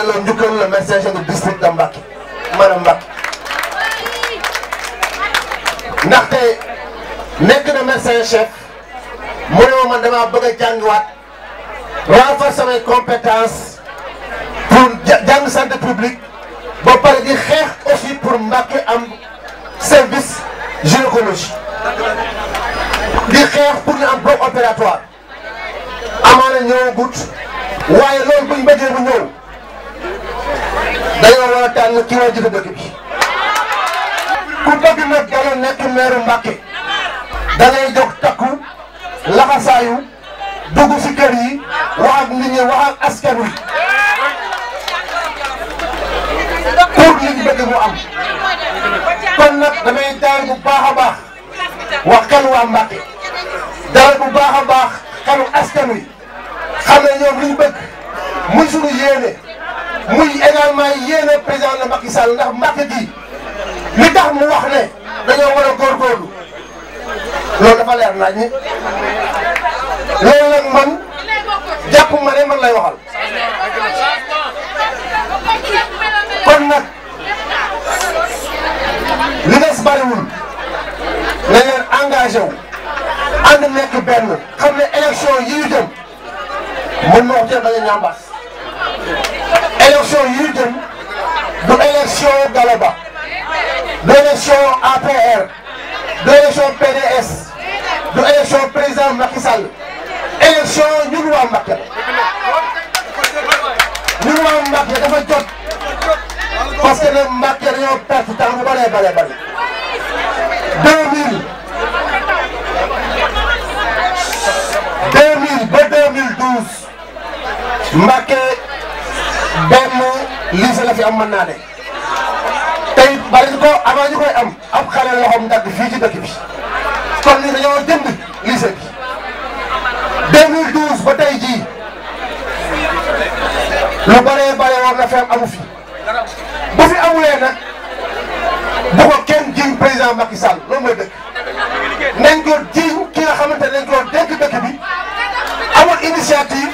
delloo njukkal le médecin chef district de Mbacké maanaam Mbacké ndaxte nekk na médecin chef mu ne ma man damaa bëgg a jàngiwaat renforcer samay compétence pour jàng santé publique ba pare di xeex aussi pour Mbacké am service gynécologie di xeex pour ñu am bloc opératoire amaana ñëwagut waaye loolu buñ bëggee bu ñëw tànn ki ku bëgg nag dana nekk meeru Mbàkke da jox takku laxasaayu dugg si kër yi wax ak nit ñi wax ak askan wi pour li ñu bëgg am kon nag damay daal bu baax a wax xel waa wi xam ne ñoom li ñu bëgg muy may yéene président na Macky Sall ndax Mbacke gi li tax mu wax ne dañoo war a góorgóorlu loolu dafa leer naaj ñi loolu man jàpp ma ne man lay waxal kon nag li des bariwul na leen engagé wu ànd nekk benn xam ne élection yi ñu jëm mën na wax te bañ Amadaba, l'élection APR, l'élection PDS, l'élection président Macky Sall, élection ñun waa Mbacké ñun dafa jot parce que le Mbacké dañoo perte temps bu bëree bëri bëri. 2000 2000 ba 2012 Mbacké la fi am mën naa tey bari ko am ñu koy am ab xale loxoom dagg fii ci dëkk bi kon ni dañoo jënd lycée bi 2012 ba tey jii lu baree bare war na feem amu fi bu fi amulee bu ko kenn jiw président Macky Sall loolu mooy dëkk nañ ko jiw ki nga xamante ne dañ bi amul initiative.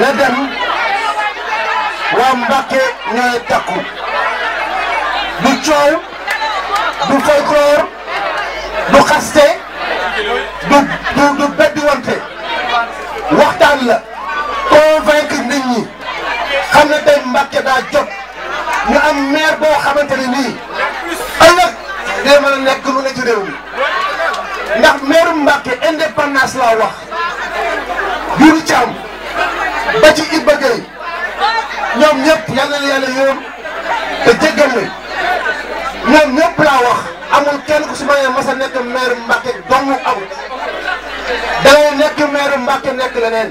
na dem waa Mbàkke ñooy takku du coow du folklore du xaste du du du wante waxtaan la convaincre nit ñi xam ne tey Mbàkke daa jot ñu am maire boo xamante nii ëllëg day a nekk lu ne ci réew mi ndax maire Mbàkke indépendance laa wax biiru Thiam. ba ci Iba ñoom ñëpp yal na la yàlla yërëm te jéggal la ñoom ñëpp laa wax amul kenn ku su ma nee masa nekk maire Mbacke dong amul da ngay nekk maire Mbacke nekk leneen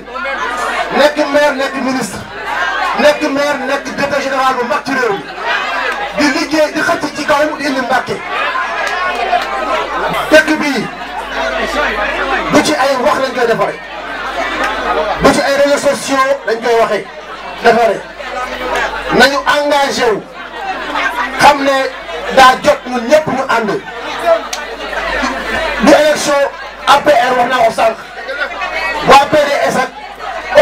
nekk maire nekk ministre nekk maire nekk député général bu mag ci réew mi di liggéey di xëcc ci kaw di indi Mbacke dëkk bii du ci ay wax lañ koy defaree. sociaux dañ koy waxee defaree nañu engagé xam ne daa jot ñun ñëpp ñu ànd bu élection APR wax naa ko sànq waa PDS ak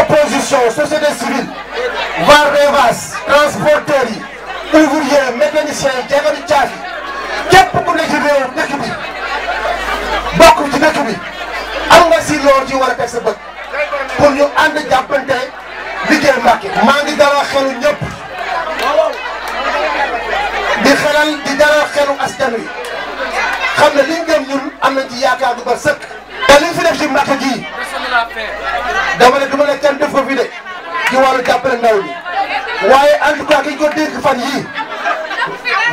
opposition société civile var revas yi ouvriers mécaniciens yi jagadu caaf yi képp ku nekk ci réew bokk ci dëkk bi am nga si war a teg sa pour ñu ànd jàppante liggéey Mbàkke maa ngi dalal xelu ñëpp di xelal di dalal xelu askan wi xam ne liñ gëm ñun am nañ ci yaakaar du ba sëkk. te liñ fi def ci Mbàkke ji dama ne du ma ne kenn def fi de ci wàllu jàppale ndaw ñi waaye en tout cas ki ñu ko dégg fan yii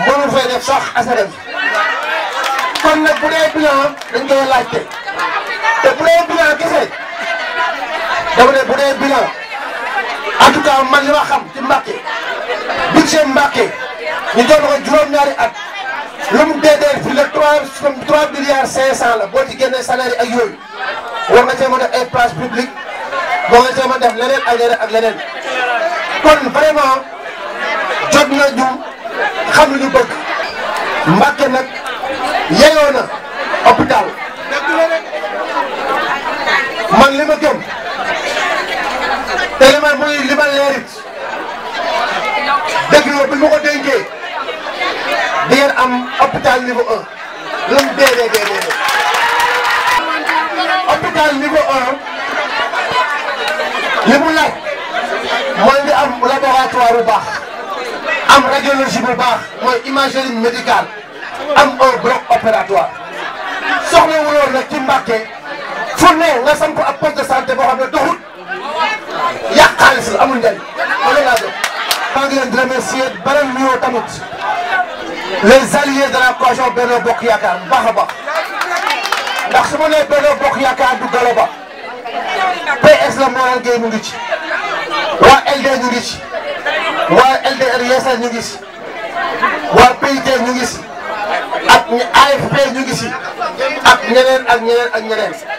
mënul fay def sax asarem kon nag bu dee bilan dañ laajte te bu dee dama ne bu dee bilan a tout cas man li ma xam ci Mbacke budget Mbacke ñu jox ko juróom-ñaari at lu mu dee dee fii la 3 3 milliards 500 la boo ci génnee salaire ak yooyu war nga cee mën a def ay place publique boo nga cee mën def leneen ak leneen ak leneen kon vraiment jot na ñu xam lu ñu bëgg Mbacke nag yeyoo na ngeen am hôpital niveau 1 lu mu dee dee dee dee hôpital niveau 1 mu laaj mooy am laboratoire bu baax am radiologie bu baax mooy imagerie médicale am un bloc opératoire soxla wuloon nag ci Mbàkke fu ne nga samp ab poste santé boo xam ne doxut yàq xaalis la amul njëriñ wala laa jóg maa ngi leen di les alliés de la coalition Bokk Yaakaar bu baax a baax ndax su ma nee Benno Bokk Yaakaar du galo ba PS la Mawal Gueye mu ngi ci waa LD ñu ngi ci waa LDR Yeesal ñu ngi ci waa PIT ñu ngi ci ak AFP ñu ngi ci ak ñeneen ak